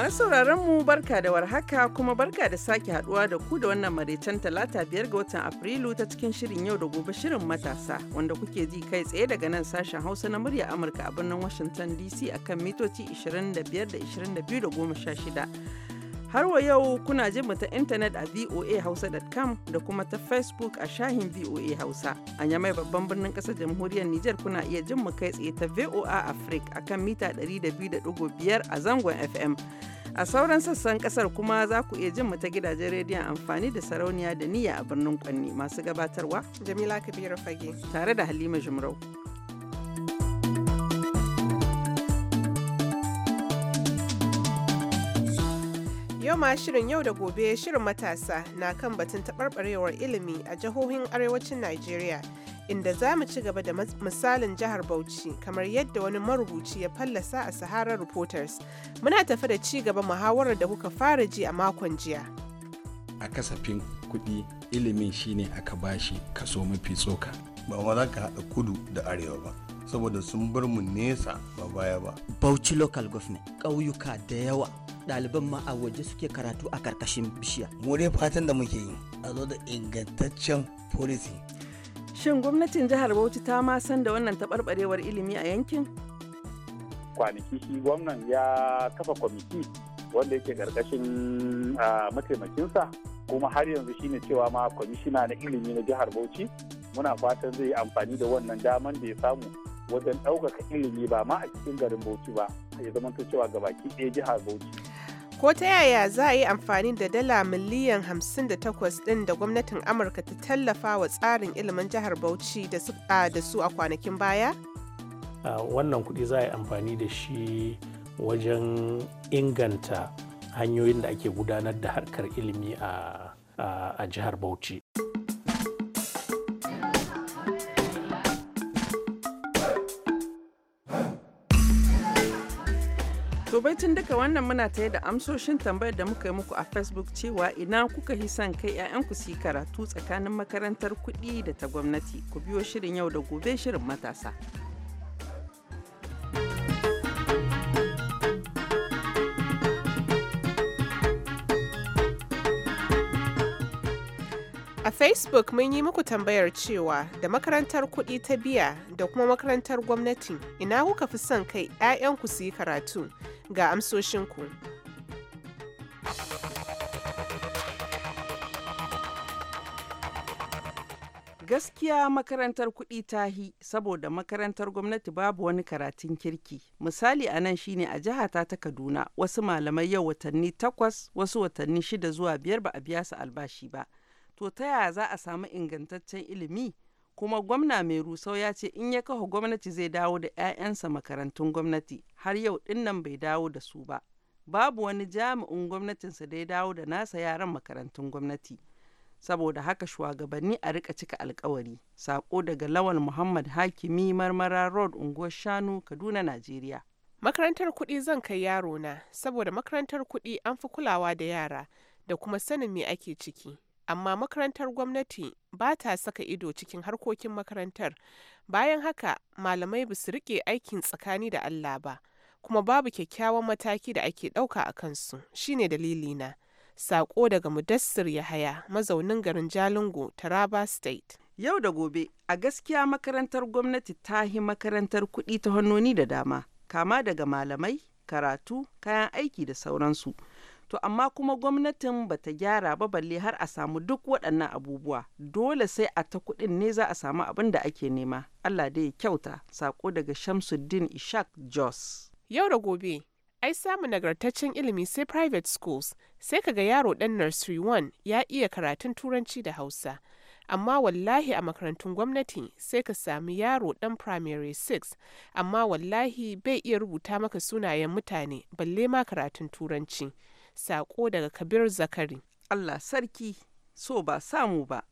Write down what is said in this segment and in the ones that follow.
Masu mu barka da warhaka kuma barka da sake haduwa da ku da wannan maraicen talata biyar ga watan Afrilu ta cikin shirin yau da gobe shirin matasa wanda kuke ji kai tsaye daga nan sashen Hausa na murya Amurka a birnin Washington DC akan mitoci 25 da 22 Har wa yau kuna jin mu ta intanet a voahausa.com da kuma ta Facebook a shahin VOA Hausa. A yamai babban birnin ƙasar jamhuriyar Nijar kuna iya jin mu kai tsaye ta VOA Africa akan mita biyar a zangon FM. A sauran sassan kasar kuma za ku iya jin mu ta gidajen rediyon amfani da sarauniya da niyya a birnin Kwanni masu gabatarwa. Jamila Kabiru Fage. Tare da Halima Jumrau. gama shirin yau da gobe shirin matasa na kan batun taɓarɓarewar ilimi a jihohin arewacin Najeriya inda za mu ci gaba da misalin jihar Bauchi kamar yadda wani marubuci ya fallasa a Sahara Reporters. Muna tafi da ci gaba muhawarar da kuka fara ji a makon jiya. A kasafin kuɗi ilimin shine aka bashi kaso mafi tsoka. Ba ma za ka haɗa kudu da arewa ba. saboda sun bar mu nesa ba baya ba. Bauchi local government ƙauyuka da yawa ɗaliban ma a waje suke karatu a karkashin bishiya mu dai fatan da muke yi a zo da ingantaccen policy shin gwamnatin jihar bauchi ta ma san da wannan taɓarɓarewar ilimi a yankin kwanaki shi gwamnan ya kafa kwamiti wanda yake karkashin mataimakinsa kuma har yanzu shine cewa ma kwamishina na ilimi na jihar bauchi muna fatan zai yi amfani da wannan daman da ya samu wajen ɗaukaka ilimi ba ma a cikin garin bauchi ba ya zama cewa gabaki ɗaya jihar bauchi ko ta yaya za a yi amfani da dala miliyan 58 ɗin da gwamnatin amurka ta tallafa wa tsarin ilimin jihar bauchi da su a kwanakin baya wannan kuɗi za a yi amfani da shi wajen inganta hanyoyin da ake gudanar da harkar ilimi a jihar bauchi To tun duka wannan muna ta da amsoshin tambayar da muka yi muku a Facebook cewa ina kuka yi son kai 'ya'yanku su yi karatu tsakanin makarantar kuɗi da ta gwamnati. Ku biyo shirin yau da gobe shirin matasa. Facebook mun yi muku tambayar cewa da makarantar kuɗi ta biya da kuma makarantar gwamnati ina kuka fi son kai 'ya'yanku su yi karatu ga amsoshinku. Gaskiya makarantar kuɗi ta hi saboda makarantar gwamnati babu wani karatun kirki. Misali a nan shine a jihata ta Kaduna wasu malamai yau watanni takwas wasu watanni shida zuwa biyar ba a biya su albashi ba. to ta yaya za a samu ingantaccen ilimi kuma gwamna mai rusau ya ce in ya kafa gwamnati zai dawo da 'ya'yansa makarantun gwamnati har yau dinnan bai dawo da su ba babu wani jami'in gwamnatinsa da ya dawo da nasa yaran makarantun gwamnati saboda haka shugabanni a rika cika alkawari sako daga lawal muhammad hakimi marmara road unguwar shanu kaduna najeriya makarantar kuɗi zan kai yaro na saboda makarantar kuɗi an fi kulawa da yara da kuma sanin me ake ciki amma makarantar gwamnati ba ta saka ido cikin harkokin makarantar bayan haka malamai ba su rike aikin tsakani da allah ba kuma babu kyakkyawan mataki da ake ɗauka a kansu shine dalilina saƙo daga mudassir yahaya mazaunin garin jalingo taraba state yau da gobe a gaskiya makarantar gwamnati ta hi makarantar kuɗi ta hannuni da dama kama daga malamai karatu kayan aiki da sauransu to amma kuma gwamnatin bata gyara ba balle har a samu duk waɗannan abubuwa dole sai a ta kuɗin ne za a samu abin da ake nema Allah da ya kyauta sako daga Shamsuddin Ishak Jos yau da gobe ai samu nagartaccen ilimi sai private schools sai kaga yaro ɗan nursery one ya iya karatun turanci da Hausa amma wallahi a makarantun gwamnati sai ka sami yaro ɗan primary 6 amma wallahi bai iya rubuta maka sunayen mutane balle ma karatun turanci Sako daga Kabir Zakari. Allah sarki, so ba samu ba.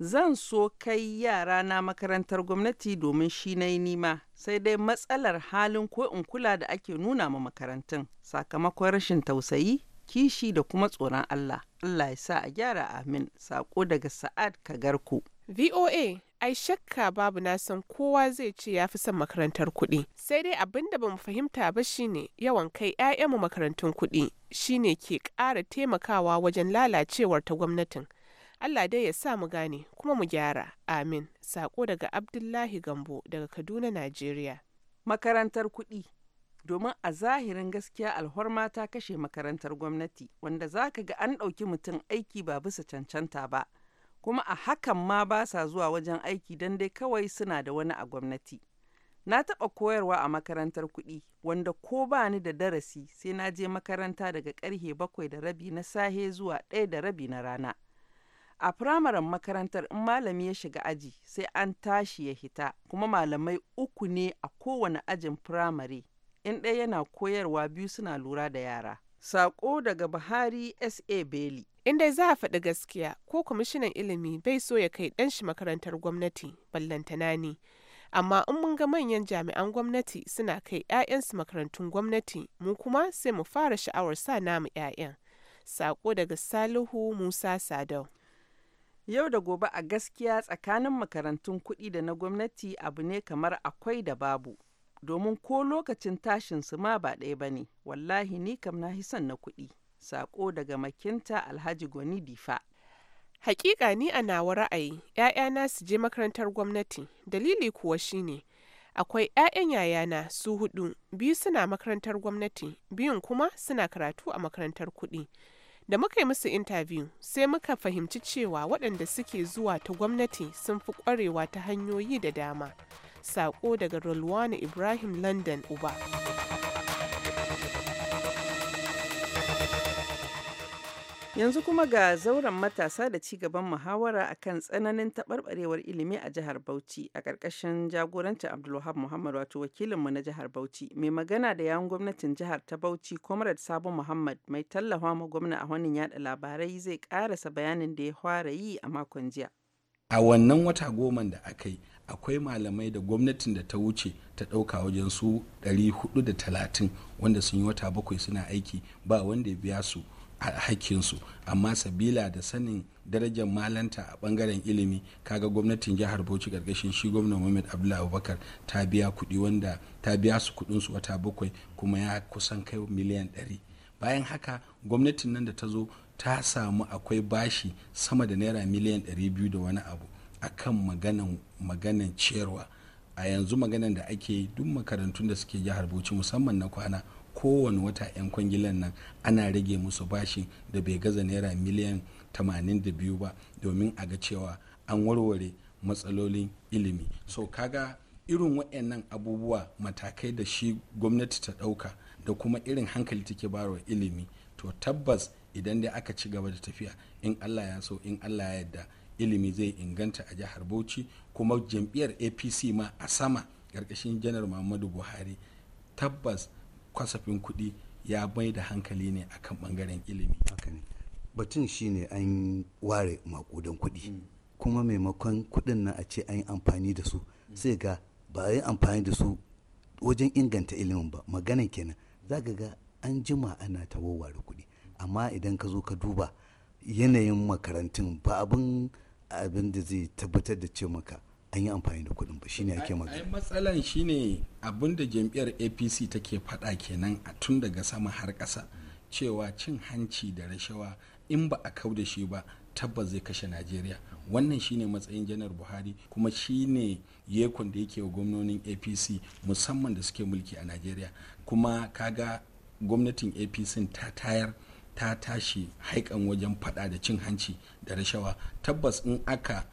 Zan so kai yara na makarantar gwamnati domin shi na yi nima, sai dai matsalar halin ko in kula da ake nuna ma makarantun sakamakon rashin tausayi, kishi da kuma tsoron Allah. Allah ya sa a gyara amin. Sako daga Sa'ad ka Kagarku. VOA ai shakka babu na san kowa zai ce ya fi son makarantar kuɗi sai dai abin da bamu fahimta ba shine yawan kai 'ya'yanmu makarantun kuɗi shine ke ƙara taimakawa wajen lalacewar ta gwamnatin Allah dai ya sa mu gane kuma mu gyara amin sako daga Abdullahi Gambo daga Kaduna Najeriya makarantar kuɗi domin a zahirin gaskiya alhorma ta kashe makarantar gwamnati wanda zaka ga an ɗauki mutum aiki ba bisa cancanta ba kuma a hakan ma ba sa zuwa wajen aiki don dai kawai suna da wani a gwamnati. Na taɓa koyarwa a makarantar kuɗi, wanda ko ba ni da darasi sai na je makaranta daga ƙarhe bakwai da rabi na sahe zuwa ɗaya da rabi na rana. A firamaren makarantar in malami ya shiga aji sai an tashi ya hita, kuma malamai uku ne a kowane ajin firamare, in ɗaya yana koyarwa biyu suna lura da yara. Saƙo daga Buhari S.A. Bailey. in dai za a faɗi gaskiya ko kwamishinan ilimi bai so ya kai ɗan shi makarantar gwamnati ballantana ne amma in mun ga manyan jami'an gwamnati suna kai 'ya'yansu makarantun gwamnati mu kuma sai mu fara sha'awar sa namu 'ya'yan sako daga salihu musa sadau yau da gobe a gaskiya tsakanin makarantun kuɗi da na gwamnati abu ne kamar akwai da babu domin ko lokacin tashin su ma ba ɗaya ba ne wallahi ni kam na son na kuɗi Sako daga makinta Alhaji Gwani Difa. Hakika ni a nawa ra'ayi, ‘ya'yana su je makarantar gwamnati, dalili kuwa shine akwai ‘ya'yan yayana su hudu, biyu suna makarantar gwamnati, biyun kuma suna karatu a makarantar kuɗi. Da muka yi musu intaviyu sai muka fahimci cewa waɗanda suke zuwa ta gwamnati sun fi ƙwarewa ta hanyoyi da dama. Sako daga Rolwana Ibrahim London Uba. Yanzu kuma ga zauren matasa da ci gaban muhawara akan tsananin taɓarɓarewar ilimi a jihar Bauchi a ƙarƙashin jagorancin Abdulwahab Muhammad wato wakilinmu na jihar Bauchi. Mai magana da yawun gwamnatin jihar ta Bauchi Comrade Sabo Muhammad mai tallafa ma gwamna a wannan yada labarai zai ƙarasa bayanin da ya fara yi a makon jiya. A wannan wata goman da aka yi akwai malamai da gwamnatin da ta wuce ta ɗauka wajen su 430 wanda sun yi wata bakwai suna aiki ba wanda ya biya su a hakkinsu amma sabila da sanin darajar malanta a bangaren ilimi kaga gwamnatin jihar bauchi karkashin shi gwamna muhammad abdullahi abubakar ta biya kuɗi wanda ta biya su kuɗin su wata bakwai kuma ya kusan kai miliyan ɗari bayan haka gwamnatin nan da ta zo ta samu akwai bashi sama da naira miliyan ɗari biyu da wani abu akan maganan maganan ciyarwa a yanzu maganan da ake yi duk makarantun da suke jihar bauchi musamman na kwana kowane wata 'yan kwangilan nan ana rage musu bashi da bai gaza naira miliyan 82 ba domin a ga cewa an warware matsalolin ilimi so kaga irin waɗannan abubuwa matakai da shi gwamnati ta ɗauka da kuma irin hankali take barwa ilimi to tabbas idan dai aka ci gaba da tafiya in allah ya so in allah ya yadda ilimi zai inganta a jihar bauchi kuma jam'iyyar apc ma a sama ƙarƙashin janar muhammadu buhari tabbas kwasafin kuɗi ya bai da hankali ne akan bangaren ilimi batun shi ne an ware makudan kuɗi mm. kuma maimakon kuɗin nan a ce an yi amfani da su mm. sai ga ba a yi amfani da su wajen inganta ilimin ba maganan kenan za ka ga an jima ana ta kuɗi amma idan ka zo ka duba yanayin makarantun ba abin abin da zai tabbatar da ce maka an yi amfani da kuɗin ba shine ake magana. Ai matsalan shine abin da jam'iyyar APC take faɗa kenan a tun daga sama har ƙasa cewa cin hanci da rashawa in ba a kau da shi ba tabbas zai kashe Najeriya wannan shine matsayin janar Buhari kuma shine yekun da yake wa gwamnonin APC musamman da suke mulki a Najeriya kuma kaga gwamnatin APC ta tayar ta tashi haikan wajen faɗa da cin hanci da rashawa tabbas in aka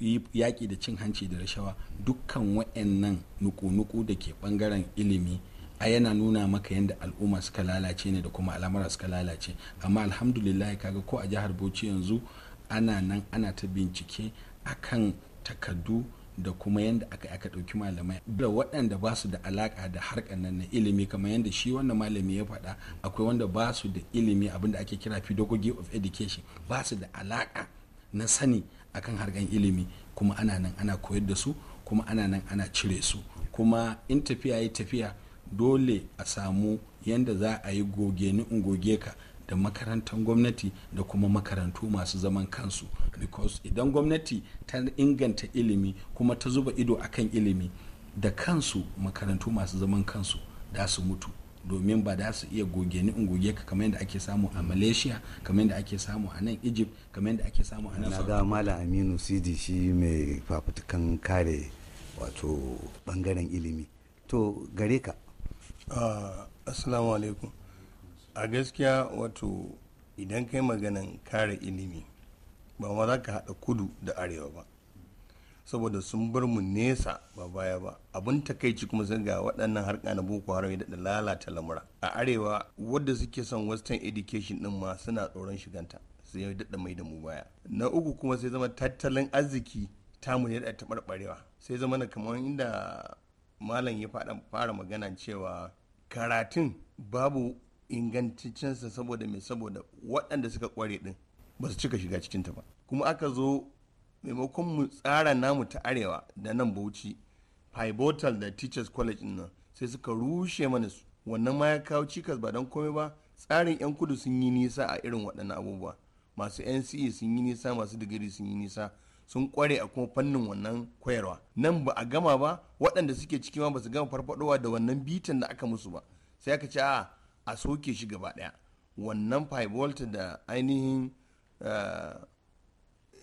yaƙi da cin hanci da rashawa dukkan wa'annan nuku-nuku da ke ɓangaren ilimi a yana nuna maka yadda al'umma suka lalace ne da kuma al'amura suka lalace amma alhamdulillah kaga ko a jihar bauchi yanzu ana nan ana ta bincike akan takardu da kuma yadda aka aka ɗauki malamai da waɗanda ba su da alaƙa da harkar nan na ilimi kamar yadda shi wannan malami ya faɗa akwai wanda ba su da ilimi abinda ake kira pedagogy of education ba su da alaƙa na sani akan hargan ilimi kuma ana nan ana koyar da su kuma ana nan ana cire su kuma in tafiya ya tafiya dole a samu yadda za a yi goge ni in goge ka da makarantar gwamnati da kuma makarantu masu zaman kansu because idan gwamnati ta inganta ilimi kuma ta zuba ido akan ilimi da kansu makarantu masu zaman kansu da su mutu domin ba da su iya goge ni in goge ka kamar yadda ake samu a malaysia kamar yadda ake samu a nan egypt kamar yadda ake samu a nan na ga mala aminu sidi shi mai fafutukan kare wato bangaren ilimi to gare ka ah, assalamu a gaskiya wato idan kai maganan kare ilimi ba ma za ka haɗa kudu da arewa ba saboda sun bar mu nesa ba baya ba abin takaici kuma sun ga waɗannan harka na boko haram da lalata lamura a arewa wadda suke son western education din ma suna tsoron shiganta sai ya daɗa mai da mu baya na uku kuma sai zama tattalin arziki tamu yadda da taɓarɓarewa sai zama na kamar inda malam ya fara magana cewa karatun babu ingantaccensa saboda mai saboda waɗanda suka kware din ba su cika shiga cikinta ba kuma aka zo maimakon mu tsara namu ta arewa da nan bauchi pivotal da teachers college nan sai suka rushe mana su wannan ma ya kawo cikas ba don komai ba tsarin 'yan kudu sun yi nisa a irin waɗannan abubuwa masu nce sun yi nisa masu digiri sun yi nisa sun kware a kuma fannin wannan koyarwa nan ba a gama ba waɗanda suke ciki ma basu gama farfadowa da wannan bitan da aka musu ba sai aka ce a a soke shi gaba ɗaya wannan pivotal da ainihin eh,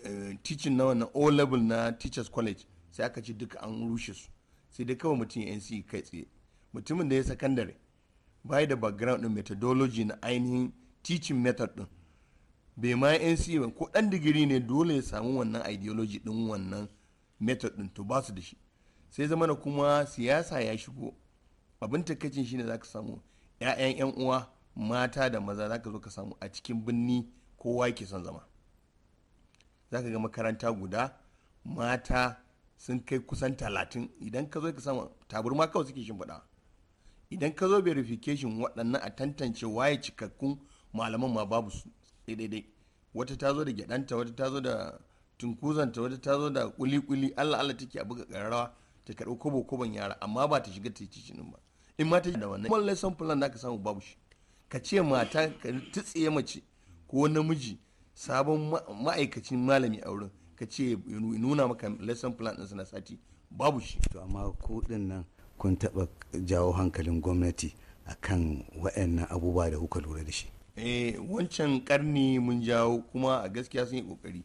Eh, teaching na wannan o level na teachers college sai aka ci duka an rushe su sai dai kawai mutum ya nc e kai tsaye mutumin da ya sakandare bai da background din methodology na ainihin teaching method din bai ma nc e ba ko dan digiri ne dole ya samu wannan ideology din wannan method din to ba su da shi sai zama na kuma siyasa ya shigo abin takaicin shine zaka samu 'ya'yan 'yan uwa mata da maza zaka zo ka samu a cikin birni kowa yake son zama za ka ga makaranta guda mata sun kai kusan talatin idan ka zo ka sama ma kawai suke shimfiɗa idan ka zo verification waɗannan a tantance waye cikakkun malaman ma babu su daidai wata ta zo da gyaɗanta wata ta zo da tunkuzanta wata ta zo da kuli-kuli allah allah take a buga ƙararrawa ta karɓi kobo kobon yara amma ba ta shiga ta yi ci ba in ma ta da wannan kuma lesson plan da ka samu babu shi ka ce mata ka tsiye mace ko namiji sabon ma'aikacin malami a wurin ka ce nuna maka lesson plan ɗinsa na sati babu shi to amma din nan kun taɓa jawo hankalin gwamnati a kan waɗannan abubuwa da kuka lura da shi eh wancan ƙarni mun jawo kuma a gaskiya sun yi ƙoƙari.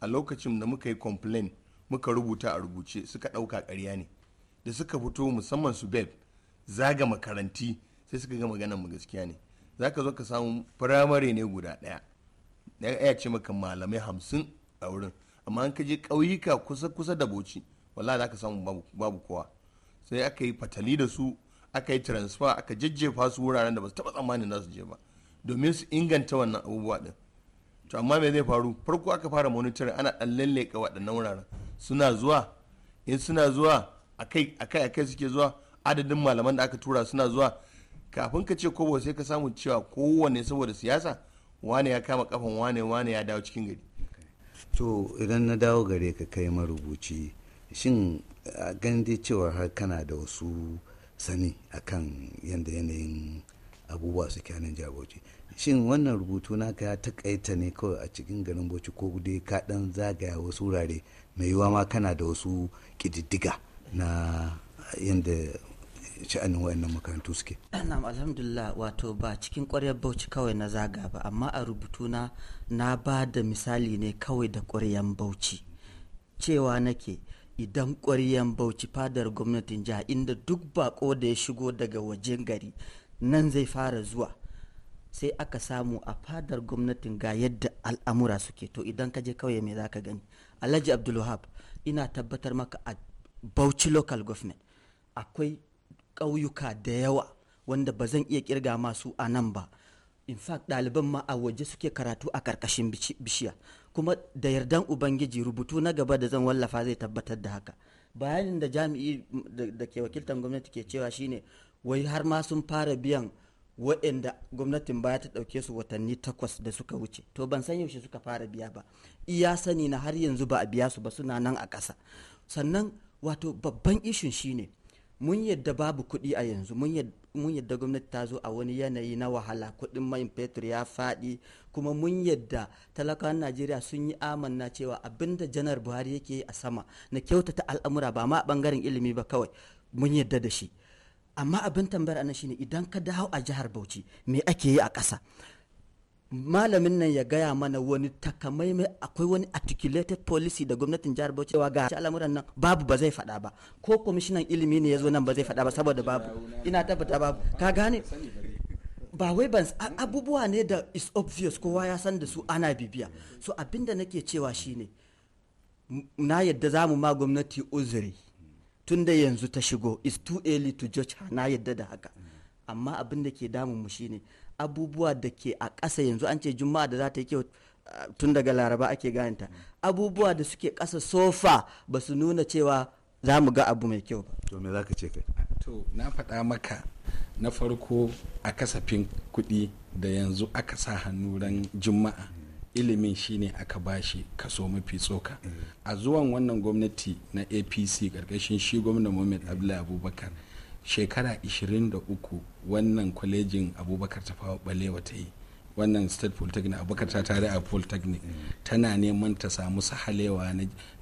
a lokacin da muka yi complain muka rubuta a rubuce suka ɗauka ƙarya ne da suka fito musamman su beb zaga makaranti sai suka ga maganar mu gaskiya ne zaka zo ka samu firamare ne guda ɗaya da ya ce maka malamai hamsin a wurin amma an ka ƙauyuka kusa kusa da boci wallahi za ka samu babu kowa sai aka yi fatali da su aka yi transfer aka jajjefa su wuraren da ba su taɓa tsammanin za su je ba domin su inganta wannan abubuwa din to amma me zai faru farko aka fara monitoring ana dan lalleka waɗannan wuraren suna zuwa in suna zuwa akai akai suke zuwa adadin malaman da aka tura suna zuwa kafin ka ce kobo sai ka samu cewa kowane saboda siyasa wane ya kama kafan wane wane ya dawo cikin gari to idan na dawo gare ka kai marubuci shin a dai cewa har kana da wasu sani akan yadda yanayin abubuwa su kyanin jaboci shin wannan rubutu naka ya takaita ne kawai a cikin garin bauchi ko dai ka dan zagaya wasu wurare mai yiwuwa ma kana da wasu kididdiga na yadda sha'anin wayannan makarantu suke na'am alhamdulillah wato ba cikin ƙwaryar bauchi kawai na zaga ba amma a rubutuna na ba da misali ne kawai da ƙwaryar bauchi cewa nake idan ƙwaryan bauchi fadar gwamnatin jiha inda duk bako da ya shigo daga wajen gari nan zai fara zuwa sai aka samu a fadar gwamnatin ga yadda al'amura suke to idan ka je kawai mai zaka gani alhaji abdulwahab ina tabbatar maka a bauchi local government akwai ƙauyuka da yawa wanda ba zan iya kirga masu a nan ba in fact ɗaliban ma a waje suke karatu a karkashin bishiya kuma da yardan ubangiji rubutu na gaba da zan wallafa zai tabbatar da haka bayanin da jami'i da ke wakiltar gwamnati ke cewa shine wai har ma sun fara biyan waɗanda gwamnatin baya ta ɗauke su watanni takwas da suka wuce to ban san yaushe suka fara biya ba iya sani na har yanzu ba a biya su ba suna nan a ƙasa sannan wato babban ishin shine mun yadda babu kuɗi a yanzu mun yadda gwamnati ta zo a wani yanayi na wahala kuɗin mai fetur ya faɗi kuma mun yadda talakawan najeriya sun yi amanna cewa abinda janar buhari yake a sama na kyautata al'amura ba ma a ɓangaren ilimi ba kawai mun yadda da shi amma abin tambayar shi shine idan ka dawo a jihar bauchi me ake yi a ƙasa malamin nan ya gaya mana wani takamaimai akwai wani articulated policy da gwamnatin jihar Bauchi cewa ga al'amuran nan babu ba zai faɗa ba ko kwamishinan ilimi ne ya zo nan ba zai faɗa ba saboda babu ina tabbata babu ka gane ba wai ban abubuwa ne da is obvious kowa ya san da su ana bibiya so abinda nake cewa shine na yadda za mu ma gwamnati uzuri tun da yanzu ta shigo is too early to judge na yadda da haka amma abinda da ke damun mu shine abubuwa da ke a ƙasa yanzu an ce juma'a da za ta yi kyau ah, tun daga laraba ake ganta abubuwa da suke ƙasa sofa ba su nuna cewa za mu ga abu mai kyau ba to me za ka ce kai to na faɗa maka na farko a kasafin kuɗi da yanzu aka sa hannu ran juma'a ilimin shine aka bashi kaso mafi tsoka mm. a zuwan wannan gwamnati na apc ƙarƙashin shi gwamna muhammad abdullahi abubakar shekara 23 wannan kwalejin abubakar ta balewa ta yi wannan state polytechnic abubakar ta tare a polytechnic mm. tana neman ta samu sahalewa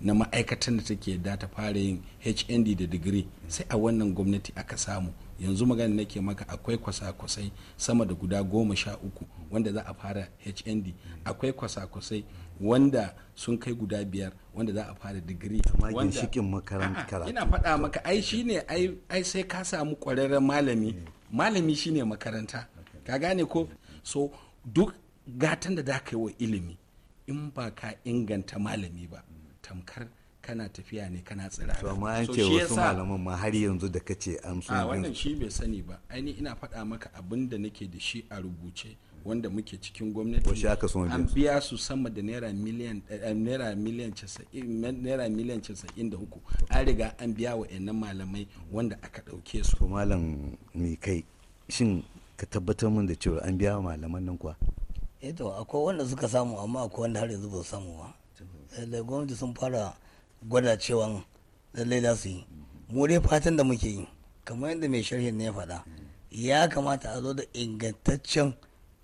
na ma'aikatan da take da ta fara yin hnd da digiri mm. sai a wannan gwamnati aka samu yanzu magana nake maka akwai kwasa-kwasai sama da guda goma sha uku wanda za a fara hnd mm. akwai kwasa-kwasai wanda sun kai guda biyar wanda za a fara digiri wanda shikin makaranta ina faɗa maka ai shine ai sai ka samu ƙwararren malami mm. malami shine makaranta ka gane ko so duk gatan da zaka yi wa ilimi in ba ka inganta malami ba tamkar kana tafiya ne kana tsira to amma an ce wasu malaman ma har yanzu da kace an sun a wannan shi bai sani ba ai ni ina faɗa maka abin da nake da shi a rubuce wanda muke cikin gwamnati an biya su sama da naira miliyan eh, naira miliyan naira miliyan casa'in da uku an riga an biya wa ɗan malamai wanda aka ɗauke su malam mai kai shin ka tabbatar min da cewa an biya wa malaman nan kuwa eh to akwai wanda suka samu amma akwai wanda har yanzu ba su samu ba lallai gwamnati sun fara gwada cewa lallai za su yi mu dai fatan da muke yi kamar yadda mai sharhin ne ya faɗa ya kamata a zo da ingantaccen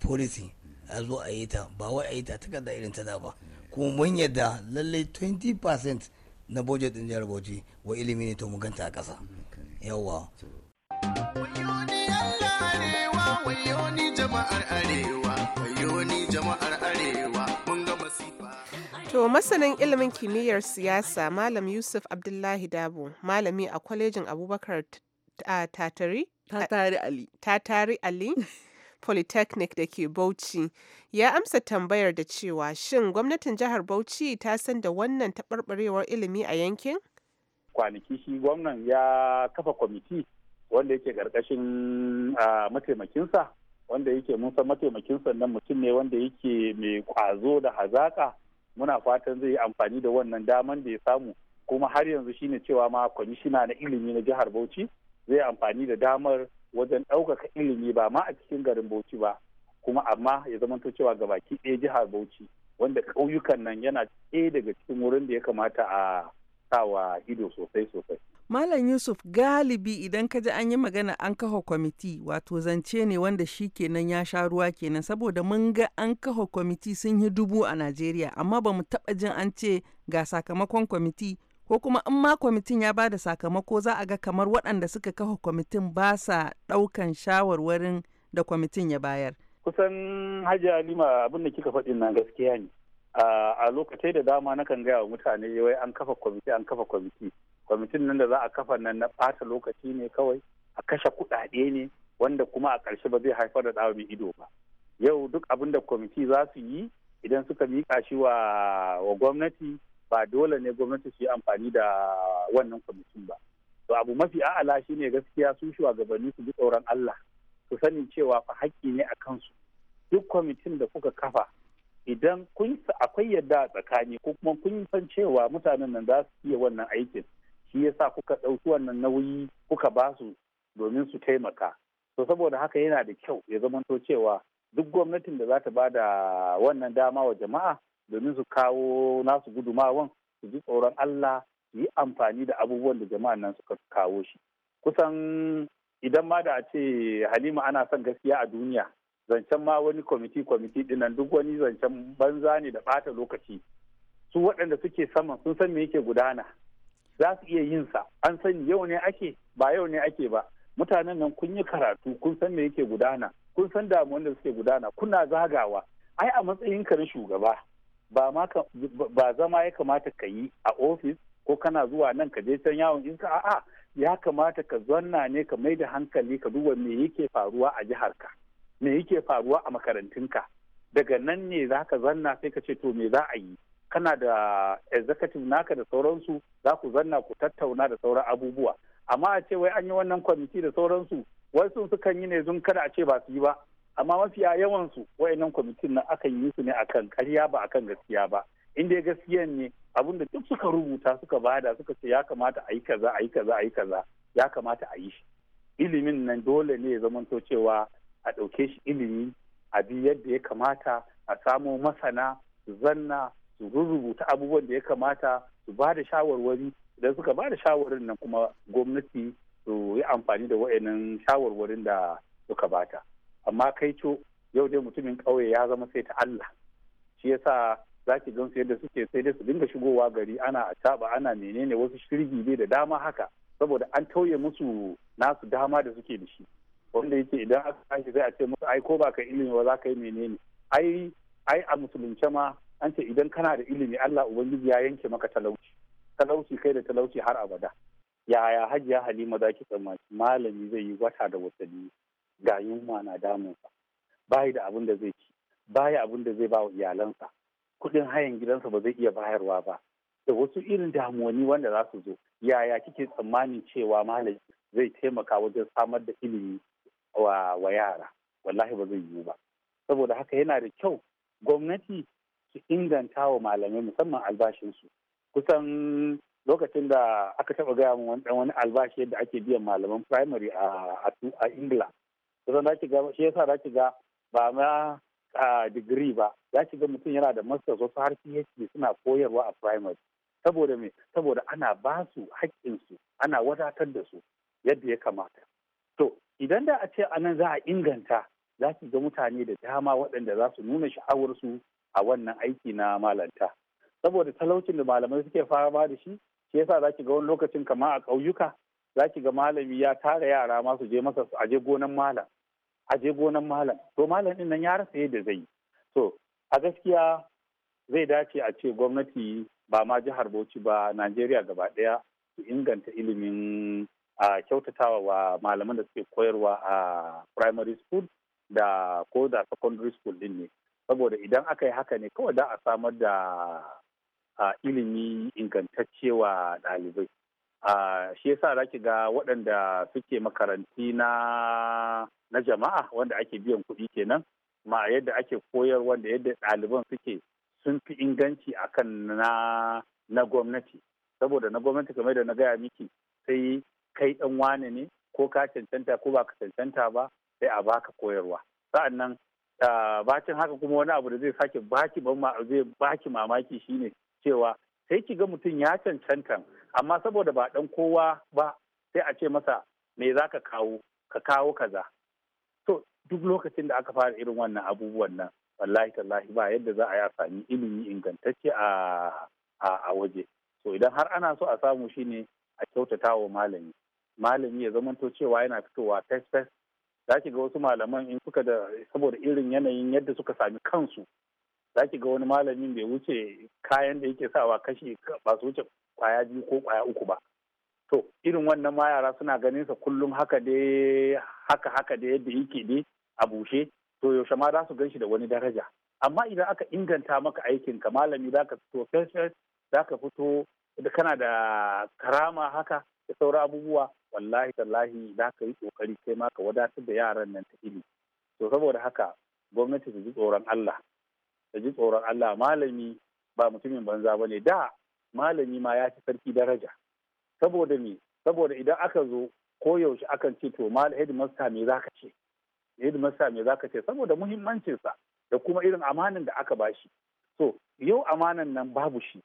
policy a zo a yi ta ba wai a yi ta takarda irin ta da ba kuma mun yadda lallai 20% na budget din jihar Bauchi wa ilimi ne to mu ganta a kasa yawa To masanin ilimin kimiyyar siyasa Malam Yusuf Abdullahi Dabo, malami a kwalejin Abubakar ta tari Tatari Ali. Polytechnic da ke Bauchi ya amsa tambayar da cewa shin gwamnatin jihar Bauchi ta san da wannan taɓarɓarewar ilimi a yankin? Kwanaki shi gwamnan ya kafa kwamiti wanda yake ƙarƙashin mataimakinsa wanda yake mun san mataimakinsa nan mutum ne wanda yake mai ƙwazo da hazaƙa muna fatan zai yi amfani da wannan daman da ya samu kuma har yanzu shine cewa ma kwamishina na ilimi na jihar Bauchi zai amfani da damar wajen ɗaukaka ilimi ba ma a cikin garin Bauchi ba kuma amma ya zamanto cewa ga baki ɗaya jihar Bauchi wanda ƙauyukan nan yana ɗaya daga cikin wurin da ya kamata a sawa ido sosai sosai. Malam Yusuf galibi idan ka ji an yi magana an kafa kwamiti wato zance ne wanda shi kenan ya sha ruwa kenan saboda mun ga an kafa kwamiti sun yi dubu a Najeriya amma ba mu taɓa jin an ce ga sakamakon kwamiti ko kuma in ma kwamitin ya bada sakamako za a ga kamar waɗanda suka kafa kwamitin ba sa ɗaukan shawarwarin da kwamitin ya bayar. Kusan Hajji Halima abin da kika faɗi na gaskiya ne. A lokacin da dama nakan gaya wa mutane wai an kafa kwamiti an kafa kwamiti. Kwamitin nan da za a kafa nan na ɓata lokaci ne kawai a kashe kuɗaɗe ne wanda kuma a ƙarshe ba zai haifar da ɗawa mai ido ba. Yau duk abin da kwamiti za su yi idan suka miƙa shi wa gwamnati ba dole ne gwamnati su yi amfani da wannan kwamitin ba to abu mafi a'ala shine gaskiya su shugabanni su ji tsoron Allah su sani cewa fa haƙƙi ne a kansu duk kwamitin da kuka kafa idan kun akwai yadda a tsakani ko kuma kun san cewa mutanen nan za su iya wannan aikin shi yasa kuka ɗauki wannan nauyi kuka ba su domin su taimaka to saboda haka yana da kyau ya zamanto cewa duk gwamnatin da za ta ba da wannan dama wa jama'a domin su kawo nasu gudumawan su ji tsoron Allah su yi amfani da abubuwan da jama'a nan suka kawo shi kusan idan ma da a ce halima ana son gaskiya a duniya zancen ma wani kwamiti kwamiti dinan duk wani zancen banza ne da ɓata lokaci su waɗanda suke saman sun san me yake gudana za su iya yin sa an sani yau ne ake ba yau ne ake ba mutanen nan kun yi karatu kun san me yake gudana kun san damuwan da suke gudana kuna zagawa ai a matsayin ka na shugaba ba zama ya kamata ka yi a ofis ko kana zuwa nan ka je can yawon iska a'a ya kamata ka zanna ne ka mai da hankali ka duba me yake faruwa a jihar ka me yake faruwa a makarantun ka daga nan ne za ka zanna sai ka ce to me za a yi kana da executive naka da sauransu za ku zanna ku tattauna da sauran abubuwa amma a ce wai an yi wannan kwamiti da sauransu wasu sukan yi ne zun kada a ce ba su yi ba amma mafiya yawan su wayannan kwamitin na akan yi su ne akan karya ba akan gaskiya ba inda dai gaskiyan ne abin da duk suka rubuta suka bada suka ce ya kamata a yi kaza a yi kaza a yi kaza ya kamata a yi shi ilimin nan dole ne ya zamanto cewa a ɗauke shi ilimi a bi yadda ya kamata a samo masana su zanna su rubuta abubuwan da ya kamata su ba da shawarwari idan suka ba da shawarin nan kuma gwamnati su yi amfani da wayannan shawarwarin da suka bata. amma kai co yau dai mutumin ƙauye ya zama sai ta Allah shi yasa za ki gansu yadda suke sai dai su dinga shigowa gari ana a acaba ana menene wasu shirgi ne da dama haka saboda an tauye musu nasu dama da suke da shi wanda yake idan aka tashi sai a ce musu ai ko ba ka ilimi ba za ka yi menene ai ai a musulunce ma an ce idan kana da ilimi Allah ubangiji ya yanke maka talauci talauci kai da talauci har abada yaya hajiya halima za ki malami zai yi wata da watanni ga yunwa na damunsa Ba da abin da zai ci Ba baya abin da zai ba wa iyalansa kuɗin hayan gidansa ba zai iya bayarwa ba da wasu irin damuwani wanda za su zo yaya kike tsammanin cewa malami zai taimaka wajen samar da ilimi wa, yara wallahi ba zai yiwu ba saboda haka yana da kyau gwamnati su inganta wa malamai musamman albashinsu kusan lokacin da aka taɓa gaya wani albashi yadda ake biyan malaman firamare a ingila kusan za ki ga shi yasa za ki ba ma a digiri ba za ki ga mutum yana da masters wasu har PhD suna koyarwa a primary saboda me saboda ana ba su haƙƙinsu ana wadatar da su yadda ya kamata to idan da a ce a nan za a inganta za ki ga mutane da dama waɗanda za su nuna su a wannan aiki na malanta saboda talaucin da malamai suke fama da shi shi yasa za ki ga wani lokacin kama a ƙauyuka za ki ga malami ya tara yara masu je masa a je gonan malam aje gonan malam to malam din nan ya rasa yadda zai yi to a gaskiya zai dace a ce gwamnati ba ma jihar Bauchi ba Najeriya gaba daya su inganta ilimin a kyautatawa wa malaman da suke koyarwa a primary school da ko da secondary school din ne saboda idan aka yi haka ne kawai da a samar da ilimi ingantacce wa ɗalibai A shi yasa za ki ga waɗanda suke makaranti na jama'a wanda ake biyan kuɗi kenan ma yadda ake koyar wanda yadda ɗaliban suke sun fi inganci akan na na gwamnati saboda na gwamnati kamar da na gaya miki sai kai ɗan wane ne ko ka cancanta ko ba ka cancanta ba sai a baka koyarwa sa'annan bacin haka kuma wani abu da zai sake baki ban zai baki mamaki shine cewa sai ki ga mutum ya cancanta amma saboda ba ɗan kowa ba sai a ce masa me za ka kawo ka kawo kaza to duk lokacin da aka fara irin wannan abubuwan nan wallahi tallahi ba yadda za a yi a sami ilimi ingantacce a a waje so idan har ana so a samu shine a kyautata wa malami malami ya zamanto cewa yana fitowa fes fes za ki ga wasu malaman in suka da saboda irin yanayin yadda suka sami kansu za ki ga wani malamin bai wuce kayan da yake sawa kashi ba su wuce kwaya biyu ko kwaya uku ba to irin wannan ma yara suna ganin sa kullum haka dai haka haka da yadda yake dai a bushe to yaushe ma za su gan shi da wani daraja amma idan aka inganta maka aikin ka malami za ka fito fesfes za ka fito kana da karama haka da sauran abubuwa wallahi tallahi za ka yi kokari kai ma ka wadatar da yaran nan ta ilimi to saboda haka gwamnati ta ji tsoron Allah ta ji tsoron Allah malami ba mutumin banza ba ne da malami ma ya fi sarki daraja saboda me saboda idan aka zo ko yaushe akan ce to mal headmaster me zaka ce headmaster me zaka ce saboda muhimmancinsa da kuma irin amanan da aka bashi so yau amanan nan babu shi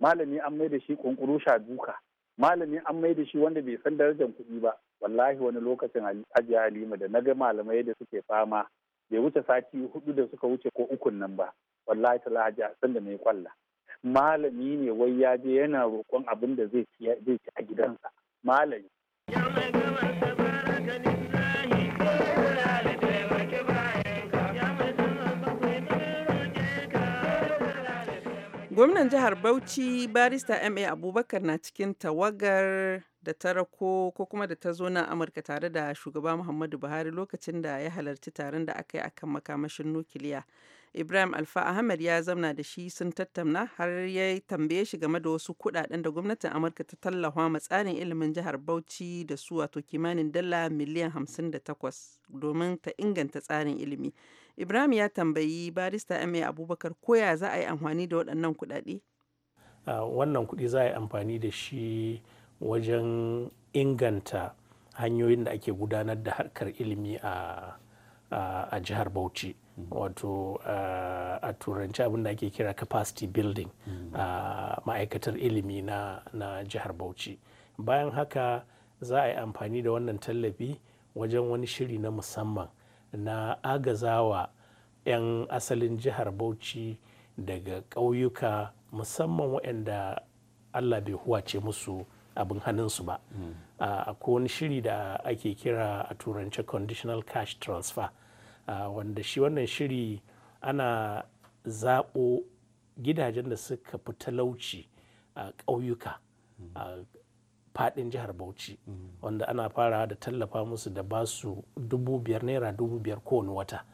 malami an mai da shi kunkuru sha duka malami an mai da shi wanda bai san darajar kuɗi ba wallahi wani lokacin ajiya halima da na ga malamai da suke fama bai wuce sati hudu da suka wuce ko ukun nan ba wallahi ta lahaji sanda san da mai kwalla malami ne wai ya je yana roƙon abin da zai ci a gidansa malami Gwamnan jihar Bauchi barista MA Abubakar na cikin tawagar da ta rako ko kuma da ta zo na Amurka tare da shugaba Muhammadu Buhari lokacin da ya halarci taron da aka yi akan makamashin nukiliya. Ibrahim Alfa Ahmed ya zauna da shi sun tattauna har ya tambaye shi game da wasu kuɗaɗen da gwamnatin Amurka ta tallafa ma tsarin ilimin jihar Bauchi da su wato kimanin dala miliyan 58 domin ta inganta tsarin ilimi. Ibrahim ya tambayi barista MA Abubakar koya za a yi amfani da waɗannan kuɗaɗe? Wannan kuɗi za a yi amfani da shi wajen inganta hanyoyin da ake gudanar da harkar ilimi a jihar Bauchi. wato eh, a turanci abin da ake kira capacity building a mm. eh, ma'aikatar ilimi na, na jihar bauchi bayan haka za a yi amfani da wannan tallafi wajen wani shiri na musamman na agazawa 'yan asalin jihar bauchi daga ƙauyuka musamman waɗanda allah bai huwace musu abin hannun su ba mm. eh, a wani shiri da ake kira a turance conditional cash transfer wanda shi wannan shiri ana zaɓo gidajen da suka fi talauci a ƙauyuka a faɗin jihar bauchi wanda ana farawa da tallafa musu da ba su dubu biyar naira dubu biyar kowane wata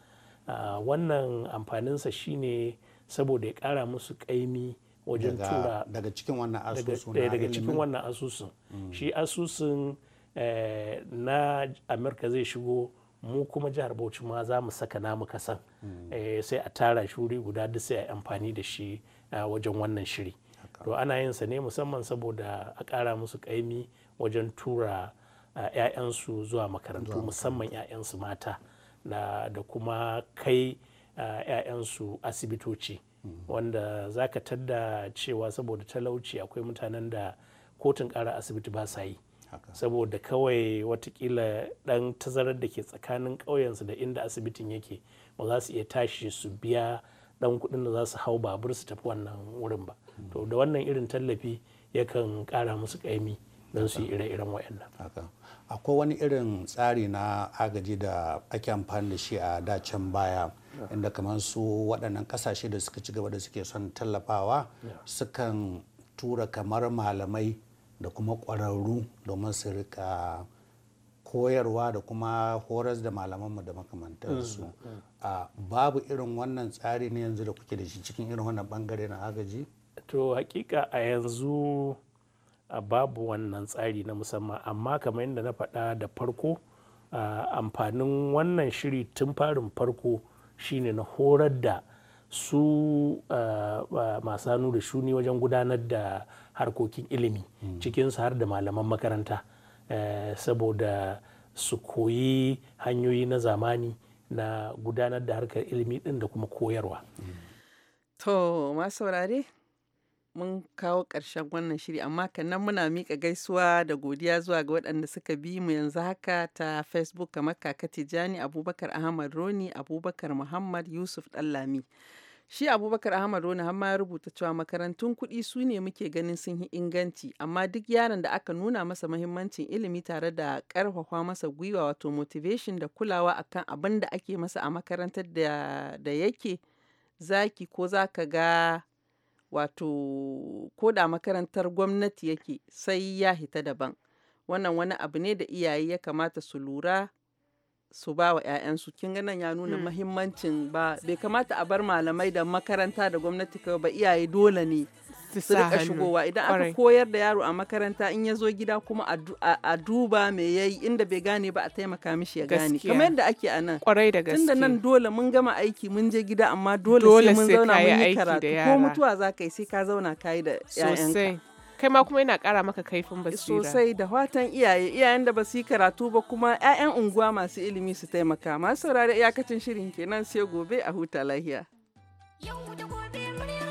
wannan amfaninsa shine saboda ya ƙara musu ƙaimi wajen tura daga cikin wannan asusun daga cikin wannan asusun mm. shi asusun eh, na amurka zai shigo mu kuma jihar bauchi ma za mu saka namu kasan hmm. eh, sai a tara shuri guda duk sai a amfani da shi wajen wannan shiri to ana yin sa ne musamman saboda a kara musu ƙaimi wajen tura 'ya'yansu zuwa makarantu musamman 'ya'yansu mata da kuma kai 'ya'yansu asibitoci hmm. wanda za ka tadda cewa saboda talauci akwai mutanen da kotun kara asibiti ba sa yi saboda kawai watakila dan tazarar da ke tsakanin ƙauyensu da inda asibitin yake ba za su iya tashi su biya dan kuɗin da za su hau babur su tafi wannan wurin ba to da wannan irin tallafi yakan ƙara musu ƙaimi don su yi ire-iren waɗannan. akwai wani irin tsari na agaji da ake amfani da shi a dacen baya inda kamar su waɗannan ƙasashe da suka ci gaba da suke son tallafawa sukan tura kamar malamai da kuma ƙwararru domin su rika koyarwa da kuma horas da malamanmu da makamantarsu mm, mm. a babu irin wannan tsari ne yanzu da kuke da shi cikin irin wannan bangare na agaji to hakika a yanzu babu wannan tsari na musamman amma kamar yadda na faɗa da farko amfanin wannan shiri tun farin farko shine na horar da su eh, masu hannu da shuni wajen gudanar da harkokin ilimi hmm. cikinsu har da malaman makaranta eh, saboda su koyi hanyoyi na zamani na gudanar da harkar ilimi din da kuma koyarwa. Hmm. To, masu saurare? mun kawo ƙarshen wannan shiri amma kannan muna mika gaisuwa da godiya zuwa ga waɗanda suka bi mu yanzu haka ta facebook kamar kaka tijani abubakar ahmad roni abubakar muhammad yusuf ɗallami Shi Abubakar Ahmad Roni har ma ya rubuta cewa makarantun kuɗi su ne muke ganin sun yi inganci, amma duk yaron da aka nuna masa mahimmancin ilimi tare da ƙarfafa masa gwiwa wato motivation da kulawa akan abin da ake masa a makarantar da, da yake zaki ko zaka ga wato ko da makarantar gwamnati yake sai ya hita daban. Wannan wani abu ne da iyaye ya kamata su lura su ba wa 'ya'yansu kin ga nan ya nuna mahimmancin mm. ba bai kamata a bar malamai da makaranta da gwamnati kawai ba iyaye dole ne su rika shigowa idan aka koyar da yaro a makaranta in ya zo gida kuma a duba me yayi inda bai gane ba a taimaka mishi ya gane kamar yadda ake a nan kwarai da gaske tunda nan dole mun gama aiki mun je gida amma dole sai mun zauna mun yi karatu ko mutuwa za ka yi sai ka zauna ka yi da 'ya'yanka kai ma kuma yana ƙara maka kaifin basira sosai da watan iyaye iyayen da ba yi karatu ba kuma 'ya'yan unguwa masu ilimi su taimaka masu saurari iyakacin shirin kenan sai gobe a huta lahiya yau gobe murya